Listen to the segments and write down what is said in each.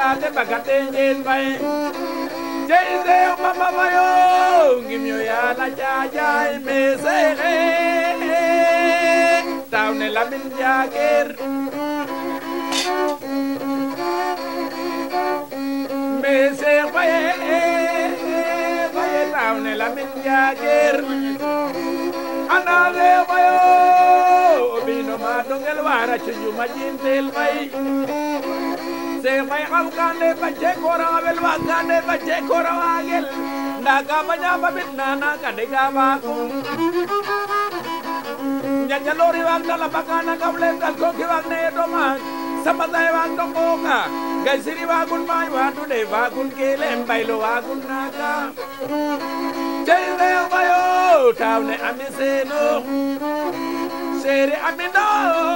laate bagate en baye jeyde mama mayo ngimyo yana jajay mesehe tawne lamin jager mese baye baye tawne lamin jager anade bayo obino madongel wara chunjuma jintel baye seexay xalkande bacce koraxabel waagande bacce korawaagel ndaga baƴa babit nana kadega ɓakum njanjaloori waag dala bakana kam leem gal kooki waag na yedomaag sabasay waag doqooka gay siri waagun maay waadude waagun kiileem baylo waagun naaga cey seexayo tawne ami seeno seere ami ndoo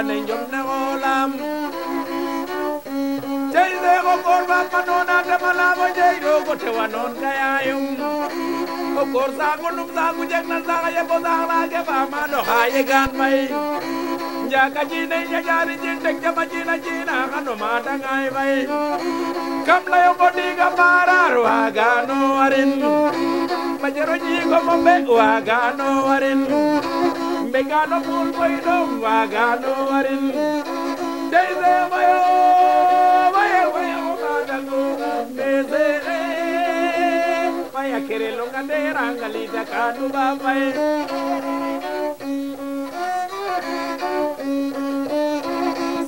fane njom ne olam jey se ko koor ba panon adama labo jey rogo tewa non kayayum o koor saagu num saagu jeg na saaga yebo saag laage faama doxa yegaan fay njaaka jiine yajaari jiin teg jama jiina jiina xano maata ngaay fay kam layo ko diiga paaraar waaga no warin majero jiigo mombe waaga no warin ɓegaɗo pulɓoy ɗum wagaɗo warin deyse mayo mayo mayo madago desee maya kerelonga nderangaliida kaɗu ɓaɓay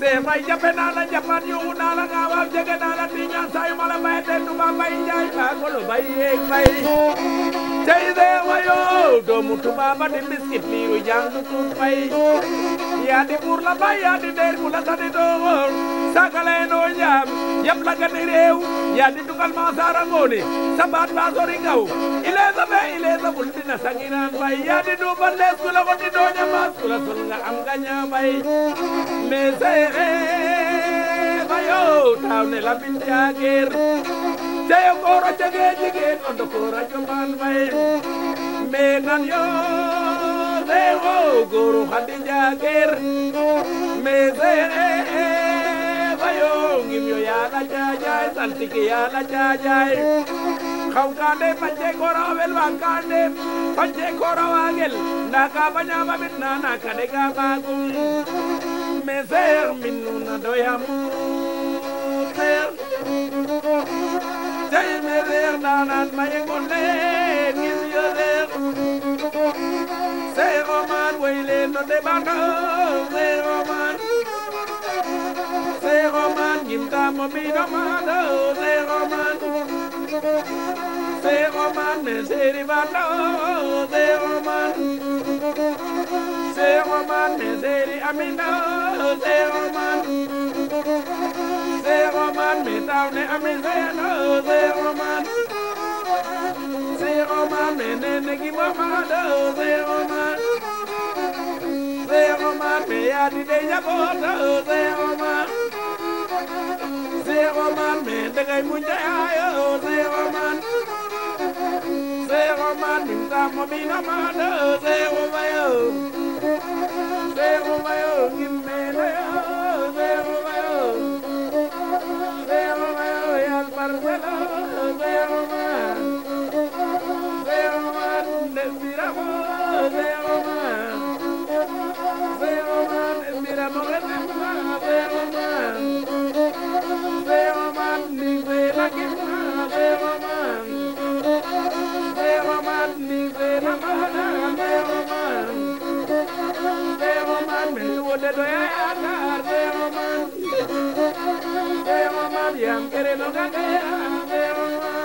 sefay japenala japan younala gawam jegenala tiñan sayumala mayeten ɗuma bay jay ɓagolo bay yeg bay tey de wayoo doomu tubaaba di biskit liiru jàng tuut fay yaa di buur la bay yaa di deer bu la sadi doowoor sagalee noo njaam yab la gani réew yaa di dugal maa saara ngoone sabaat baa sori ngaw ileesa bee ileesa bul dina sangiraan bay yaa di duuban lees ku la ko di dooña maas ku la sol nga am nga ñaa bay mais seexee bayoo taaw ne la bint seyo kooro jege jigéen ondo kooro jombal may me nan yo seyo goro handi jager me seyo fayo ngim yo yaala jaajay saltiki yaala jaajay xaw kaande pacce kooro wel wa kaande pacce kooro waagel ndaka bañama mit na naka dega baagum me seyo min nuna tey me reer ndaanaan ma yëngu leen gis yo reer say roman way leen no de baka say roman say roman gimta mo bi romado say roman say roman ne seri vato say roman say roman ne seri amina say roman Cheikh Omar mi taw ne ami seeno Cheikh Omar Cheikh Omar mi nene gi mamado Cheikh Omar Cheikh Omar mi yaadi dey njabooto Cheikh Omar Cheikh Omar mi degay mu njayaayo Cheikh Omar Cheikh Omar mi tamo bi namado Cheikh Omar Cheikh Omar ngimme to yaay ata arde mama de mama diam kere no kate ate mama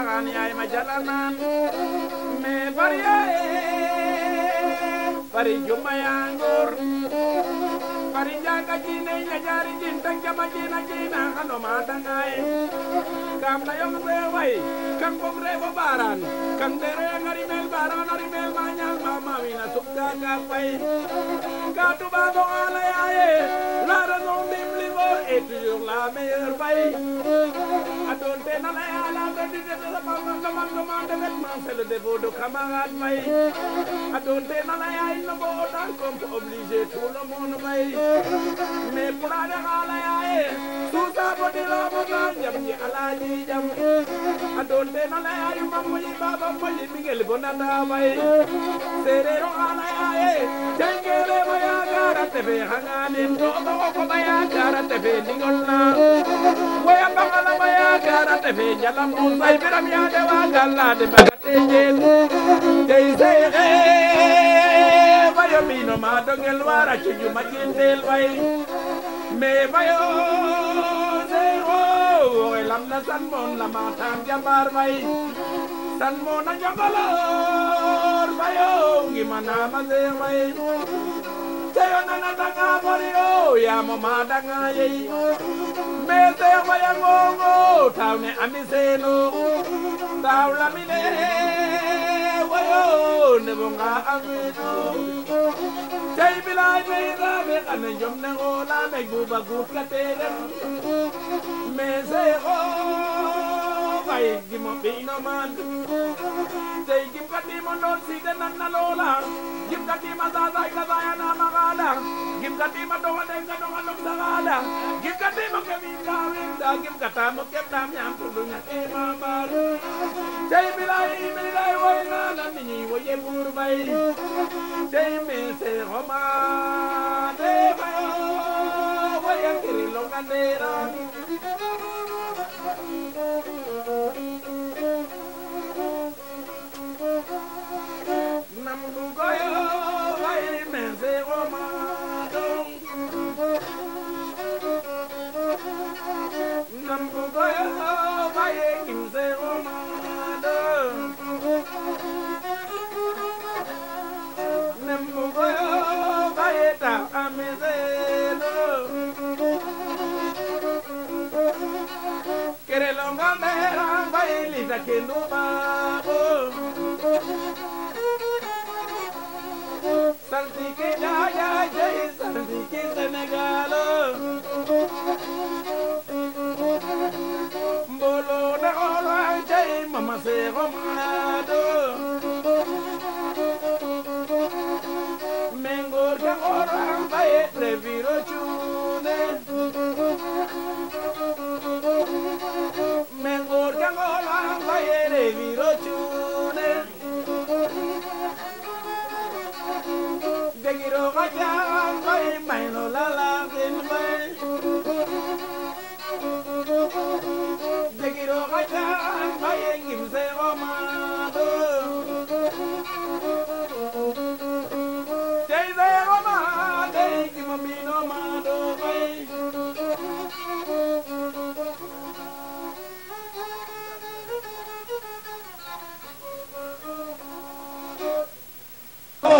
caaxaan yaay ma jalanaan mais far yaaye juma yaa ngor fari njaaga jiine ina jaari jiin tan jama jiina jiina xano maa dangaye kam layong reeway kam bom reewo baaran kam dereyanga rimeel baarana rimeel ma ñaal ma maamina subga ka fay ka tubaago ala yaaye laara noon dimli bo et toujours la meilleure fay a doon teena lay le dépôt de camarade May a donte na la yaay na boo daan comme obligé tout le monde May mais pour a def ala yaay tout ça bo di la bo daan jam ji alaaji jam a donte na la yaay ma moyi baba moyi mi ngel bo nata May séeréero ala yaay jangere ma yaay yaara tefe hangaanin tootoxo koɓa yaakaara tefe ndigol naar waya bangalama yaakaara tefe jalam nun say biram yaade ma dongel kana danga bori o ya mama danga yei mete waya ngongo tawne amiseno tawla mine wayo ne bonga amino tay bilay me rabe ane jom ne ola me guba gub katere mese o fay gi mo ɓiy no man tey gim ka ɗimo noon siide nan a loola ka ɗima sasay ka sayanama gim ka ɗima ɗoxoɗen ka ɗoxanom sa xaala gim ka ɗimo ke min ka winda gim ka tamo kem tam ñam tuɗuña ɗima ɓal tey bilay bilay woynana miñi woye buur bay tey me seexoma de fayo woye kirilonga ndeerani kendo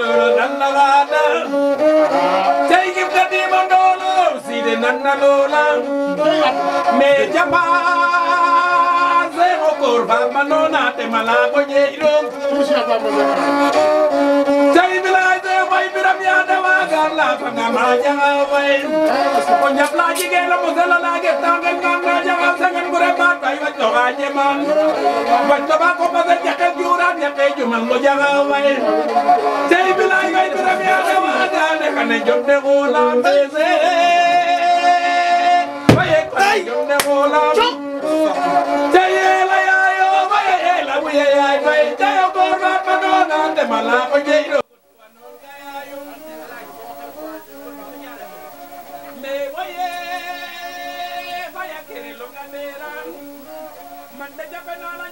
ndolo nanna laana tey gifta dima ndolo siide nanna loola mais japaase o koor faamanoona te malaago jeyɗo way biram yaa dawa gar la ko na ma janga way ko ñap la jige la mo sala la ge ta ngal man na janga sangen gure ma tay wa to ga je man wa to ba ko ba ja ke jura ja ke ju man mo janga way tay bilay way biram yaa dawa gar le kan jom de ko la me se way ko jom de ko la tay la ya yo way la wi ya ya tay ko ba pa do na te mala ko je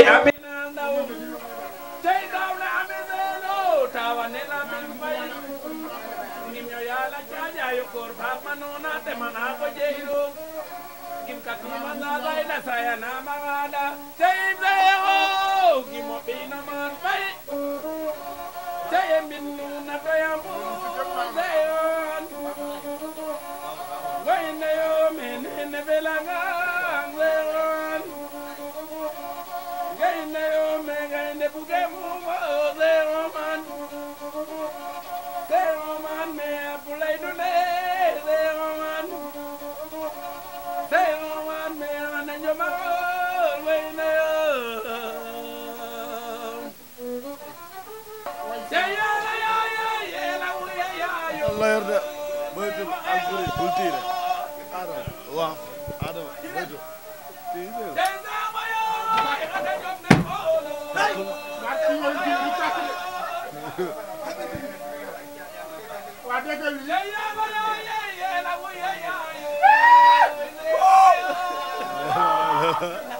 e amina ndaw tey dawle amidelo tawanela min fay ngim yo yaala caaƴayo koor faapma noona temana ko jeyro ngim katima ndagayla sayanamaxaada tey feo ngimo ɓiina maan fay teye mbin nuna toyam la yor de baytu alfuri bul tiire adama waaw adama baytu waa dégg nga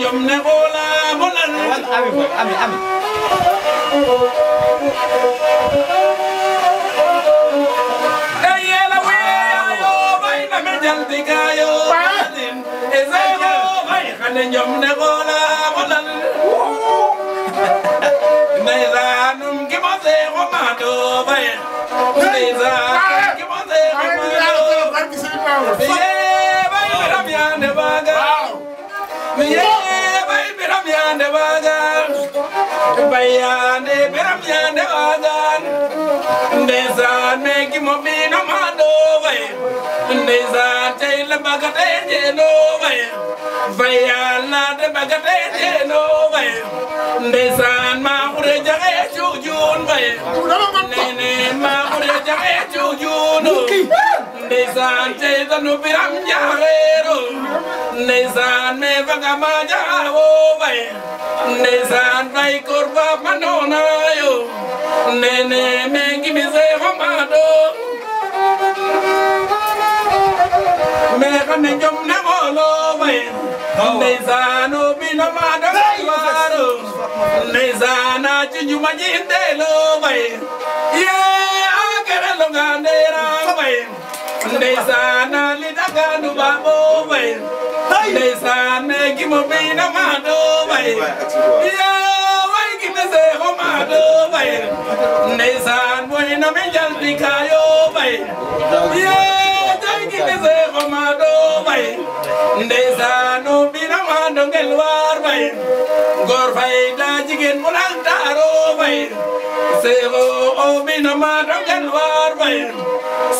ñoom ne xoola lan. ami ami ami. ne ñoom ne xoola xolal ndeysaanum ki ma see ko maa doo bay ndeysaan ki ma see ko maa doo bay bay ram yaa ne baaga bayyande ɓeram yande wagan ndeysan meki mo ɓinoma ɗoway ndeysan teyla bagata e jeenoway bayyalnade bagata e jeenoway ndeysan ma ɓure jaxe cuujun bay nene jaxee cuujuunu ndeysaan cey tanu biram jaxeeru ndeysaan me faga ma jaxawoo bay ndeysaan bay korba ma noonaayo nene me gimisee xomaado me xane jom ne xooloo bay ndeysaan o bina maado waaru ndeysaan a ci juma ji ndeeloo bay nga ndeera fay ndeysaan li daga du ba bo fay ndeysaan gi mo be na ma do fay ya way gi me se ho ma do fay ndeysaan boy na me jal di kayo fay ya day gi me se ho ma do fay ndeysaan no bi ngel waar bay goor fay daa jigéen mu naan taaroo bay seexoo oo bina maa to ngel waar bay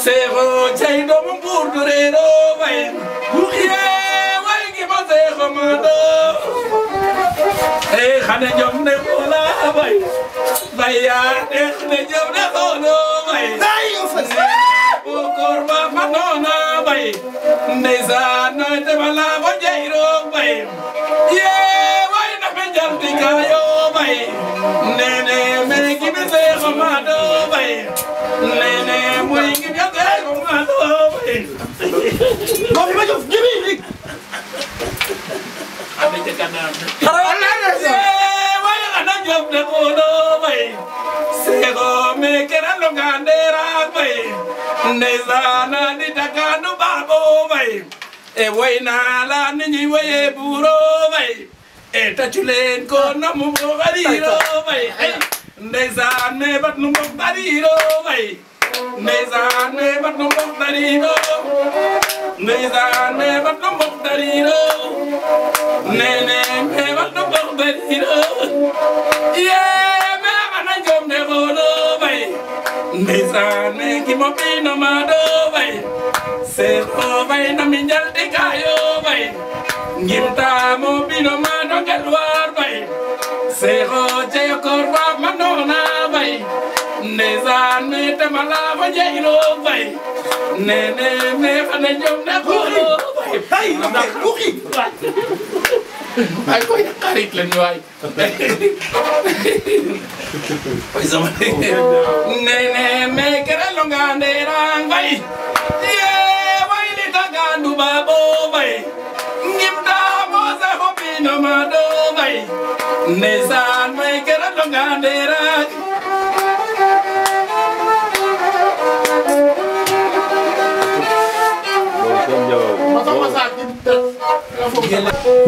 seexoo cey doomu buur du reeroo bay buxiyee way gi ma seexoo maa doo ee xane ne xoolaa bay bay yaa dex ne jom ne xooloo bay bay ndeysaan nawet ba laa ba njëy roo bay yee way na fi njalti kaayoo bay nee nee mee ngi bi see bay nee nee mooy ngi bi see xamaadoo bay moom ma jof gibi rik ade ca kanam xara wala yee way ana jof de koodoo bay kerando nga ndera bay ndeysana di takanu babo bay e wayna la ni ñi waye buro bay e taculen ko namu ko bariro bay ndeysaan ne bat nu bat nu mbok bariro ndeysaan ne bat bat nu mbok bariro sane ki mo pino ma do bay na mi nyal de kayo bay ngimta mo pino ma do kalwar bay se o je korwa manona bay ne zan me te mala ba je ro bay ne fa ne jom na ko bay bay na waaye ko yàq xarit lañu waay. waaye sama nene me kere longa nderang bay ye bay li taga du babo bay ngimta mose hopi no mado bay nesan me kere longa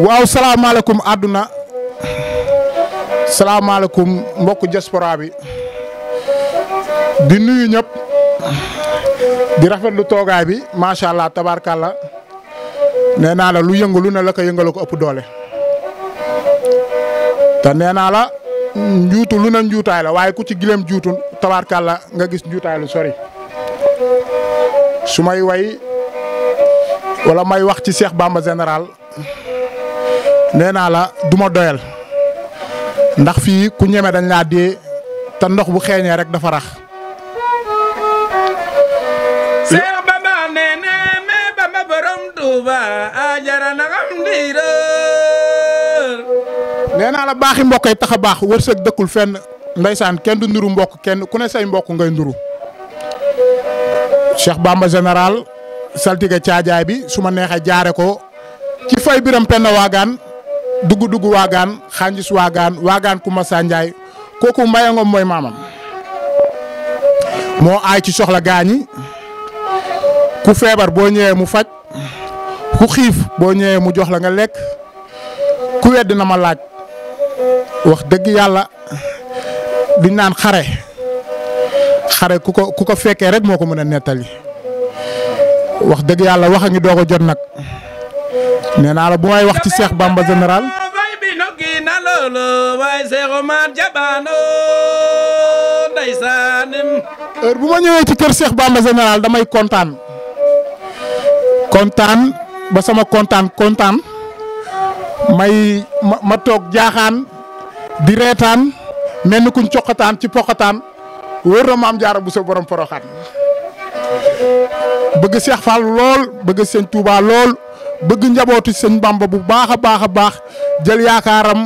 waaw salaamaaleykum àdduna salaamaaleykum mbokku diaspora bi di nuyu ñëpp di rafetlu toogaay bi macha allah tabaarkàlla nee naa la lu yëngu lu ne la ko yëngalu ko doole. te nee naa la njuutu lu ne njuutaay la waaye ku ci gileem juutu tabaarkàlla nga gis njuutaay lu sori su may way wala may wax ci Cheikh Bamba général nee naa la duma ma doyal ndax fii ku ñeme dañ laa dee te ndox bu xeeñee rek dafa rax. Cheikh Bamba nee na me Bamba borom Touba ajara na xam ndiiroo. nee la baaxi mbokk yi tax a baax wërsëg dëkkul fenn ndeysaan kenn du nduru mbokk kenn ku ne say mbokk ngay ndiru Cheikh Bamba général. saltige caajaay bi su ma neexee jaare ko ci fay biram penn waagaan dugg dugg waagaan xanjis waagaan waagaan ku ma sànjaay kooku Mbaye Ngom mooy maamam moo aay ci soxla gaañi ku feebar boo ñëwee mu faj ku xiif boo ñëwee mu jox la nga lekk ku wedd na ma laaj wax dëgg yàlla duñ naan xare xare ku ko ku ko fekkee rek moo ko mën a nettali wax dëgg yàlla wax a ngi doog jot nag nee la bu may wax ci Cheikh Bamba général. bu ma ñëwee ci kër Cheikh ba général damay kontaan kontaan ba sama kontaan kontaan may ma toog jaaxaan di reetaan mel ni kuñ coqataan ci poqataan wóor na maam jaara bu sa borom poroxaan. bëgg Cheikh Fall lool bëgg sëñ Touba lool bëgg njabootu sëñ Bamba bu baax a baax a baax jël yaakaaram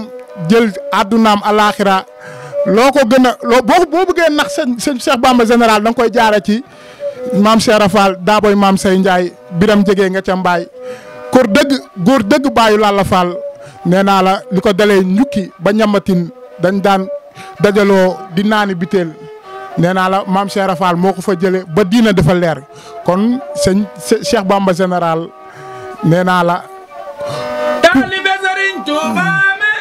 jël àddunaam alaaxira loo ko gën a loo boo boo bëggee nax sëñ sëñ Cheikh Bamba général da koy jaare ci maam Cheikh Fall daaboy maam say Ndiaye biram jege nga ca mbaay kor dëgg góor dëgg bàyyu Lalla Fall naa la li ko dalee njukki ba ñamatin dañ daan dajaloo di naani biteel nee naa la maam Cheikh Rafal moo ko fa jëlee ba diina dafa leer kon sëñ Cheikh Bamba général nee naa la. taalibe Sëriñ Tuuba me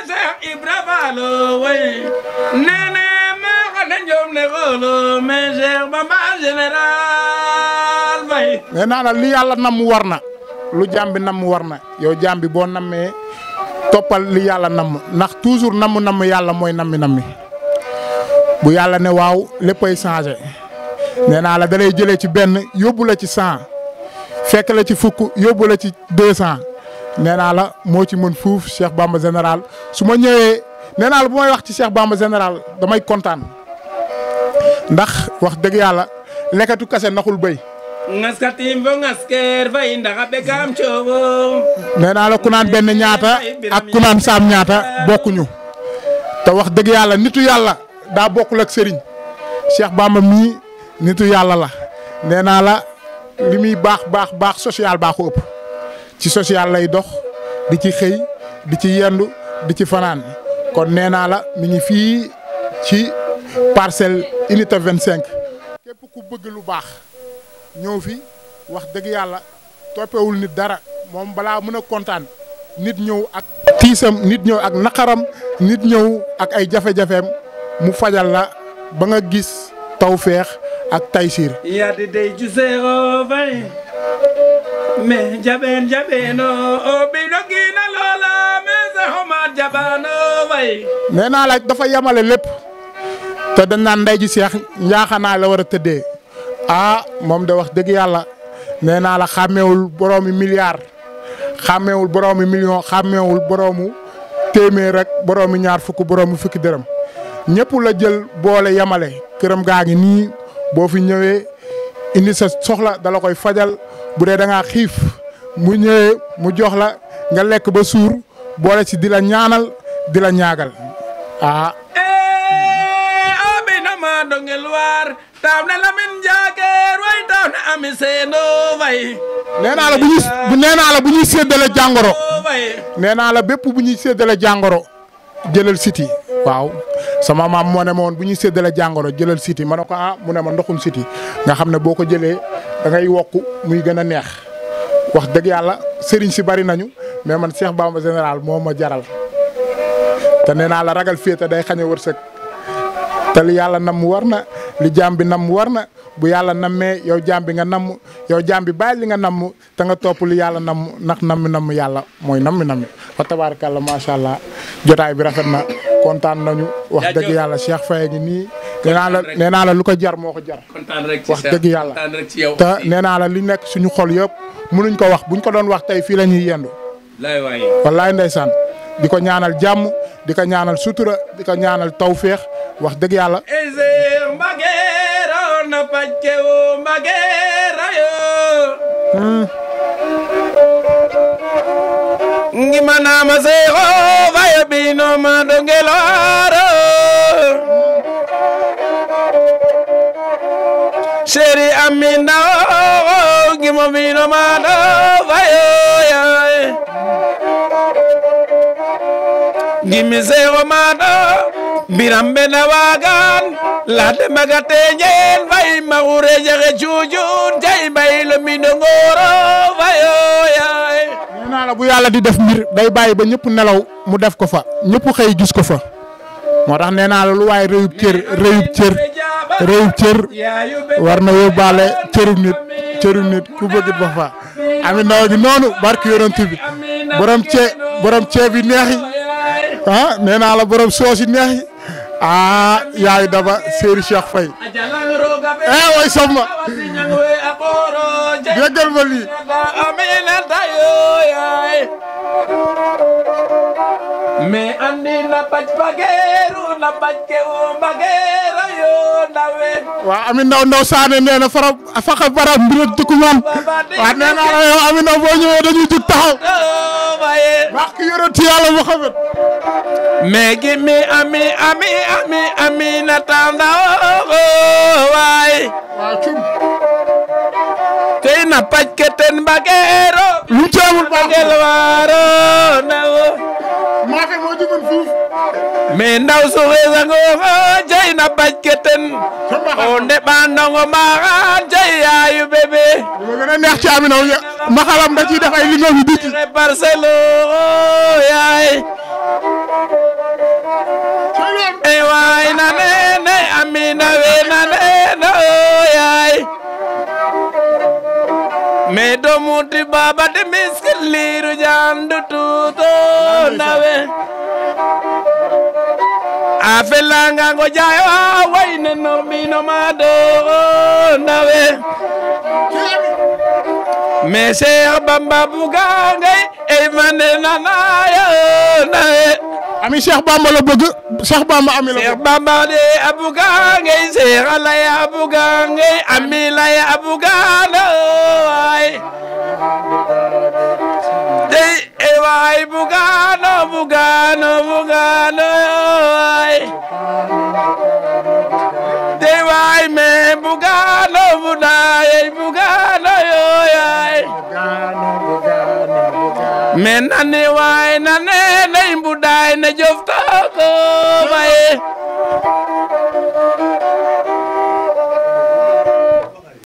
Ibra Faalo way nee na ko ne ñoom ne xooloo me Cheikh Bamba général bay. nee naa la li yàlla nam war na lu jàmm bi nam war na yow jàmm bi boo nammee toppal li yàlla nam ndax toujours namm namm yàlla mooy nammi nammi. bu yàlla ne waaw léppay changé nee naa la da lay jëlee ci benn yóbbu la ci cent fekk la ci fukk yóbbu la ci deux cent nee naa la moo ci mën fuuf Cheikh Bamba général su ma ñëwee nee naa la bu may wax ci Cheikh Bamba général damay kontaan ndax wax dëgg yàlla lekkatu kase naxul bay ngaskatim ba ngaskeer fay ndax a bekkaam coow. nee la ku benn ñaata ak ku naan saam ñaata bokkuñu te wax dëgg yàlla nitu yàlla. daa bokkul ak sëriñ Cheikh Bamba mii nitu yàlla la nee naa la li muy baax baax baax social baaxu ëpp ci social lay dox di ci xëy di ci yendu di ci fanaan kon nee naa la mi ngi fii ci parcelle unité 25. képp ku bëgg lu baax ñëw fi wax dëgg yàlla toppewul nit dara moom balaa mën a kontaan nit ñëw ak tiisam nit ñëw ak naqaram nit ñëw ak ay jafe-jafeem. mu fajal la ba nga gis tawféex ak taysiir yaade dey juseero fay me jaɓen jaɓeno o ɓi dogina loola me sahoma jaɓano oh, fay nee naa la dafa yamale lépp te dañ naan ndey ji seex njaaxanaa la war a tëddee ah moom de wax dëgg yàlla nee naa la xàmmeewul boroomi milliard xàmmeewul boroomi million xàmmeewul boroomu téeméer rek boroomi ñaar fukk boroomi fukki dërëm ñëpp la jël boole yamale këram gaa ngi nii boo fi ñëwee indi sa soxla dala koy fajal bu dee da ngaa xiif mu ñëwee mu jox la nga lekk ba suur boole ci di ñaanal di ñaagal ah. Eh, ma dongel na Lamine Ndiaker way taw na Ami Sendo way nee naa la bu ñuy nee bu ñuy séddale jàngoro nee naa la bépp bu ñuy séddale jàngoro jëlal siti waaw sama maam moo ne ma bu ñuy séddalee jàngoro jëlal siti ma ne ah, mu ne ma ndoxum siti nga xam ne boo ko jëlee da ngay wokk muy gën a neex wax dëgg yàlla sëriñ si bari nañu mais man Cheikh Bamba général moo ma jaral te nee naa la ragal féete day xañ a wërsëg te li yàlla nam war na li jaam bi nam war na bu yàlla nammee yow jaam bi nga namm yow jaam bi bàyyi li nga namm te nga topp li yàlla namm ndax nammi namm yàlla mooy nammi nammi fa tabaarkalla macha allah jotaay bi rafet na. kontaan nañu wax dëgg yàlla Cheikh Faye ngi nii. nee naa naa la lu ko jar moo ko jar. wax dëgg yàlla te nee naa la li nekk suñu xol yëpp mënuñ ko wax buñ ko doon wax tey fii la ñuy yendu. wallaay ndeysaan di ko ñaanal jàmm di ko ñaanal sutura di ko ñaanal tawféex wax dëgg yàlla. mbage raw na pàcce mbage rayo hmm. ngimanama sehova yabinoma dongeloro sheri amina oo ngimobinoma dovayoya ngimiseho mado mbirambe nawagan lade magatenyen vai magurejehe cujun tai bailo midongoro vayo naa la bu yàlla di def mbir day bàyyi ba ñëpp nelaw mu def ko fa ñëpp xëy gis ko fa moo tax nee la lu waaye réyub cër réyub cër cër war na yóbbaale cërub nit cërub nit ku bëggit ba fa amit nawa gi noonu barki yonent bi borom cee borom ceeb yi neex yi ah la borom soos yi neex aa ah, yaay daba Serigne Cheikh Faye eh way somma déggal ma lii mais andi na baj bageeru na baj ke wo bageera yo ndawe waaw Ami Ndaw Ndaw Saane nee na fara faxa bara mbirat dukuman waaw nee naa la yow Ami Ndaw boo ñëwee dañuy jug taxaw barke yonent Yàlla Muhammad mais gi ami ami ami ami oh, oh, na tandawo waay tey na pajketen mbageero lu jawul bagel waaro naw maafe moo jigun fuuf mais ndaw su xeesango jey na pajketen o ndeɓandongo maxa jey yaayu bébé gën a neex ci amina maxalam da ciy def ay li nga fi biti ey waay na nene amina we yaay me do muti baba de miskin liru jandu tuto nawe ngo jayo waine no bino mado nawe me ser bamba bugangai e manena nayo nawe ami Cheikh Bamba la bëgg Cheikh Bamba ami la. Cheikh Bamba de abuga ngay seexa lay abuga ngay ami lay abuga na waay de e waay buga na buga na buga na waay de waay me buga na buda ye buga na me nane waay nane nay kaay na jof taako baye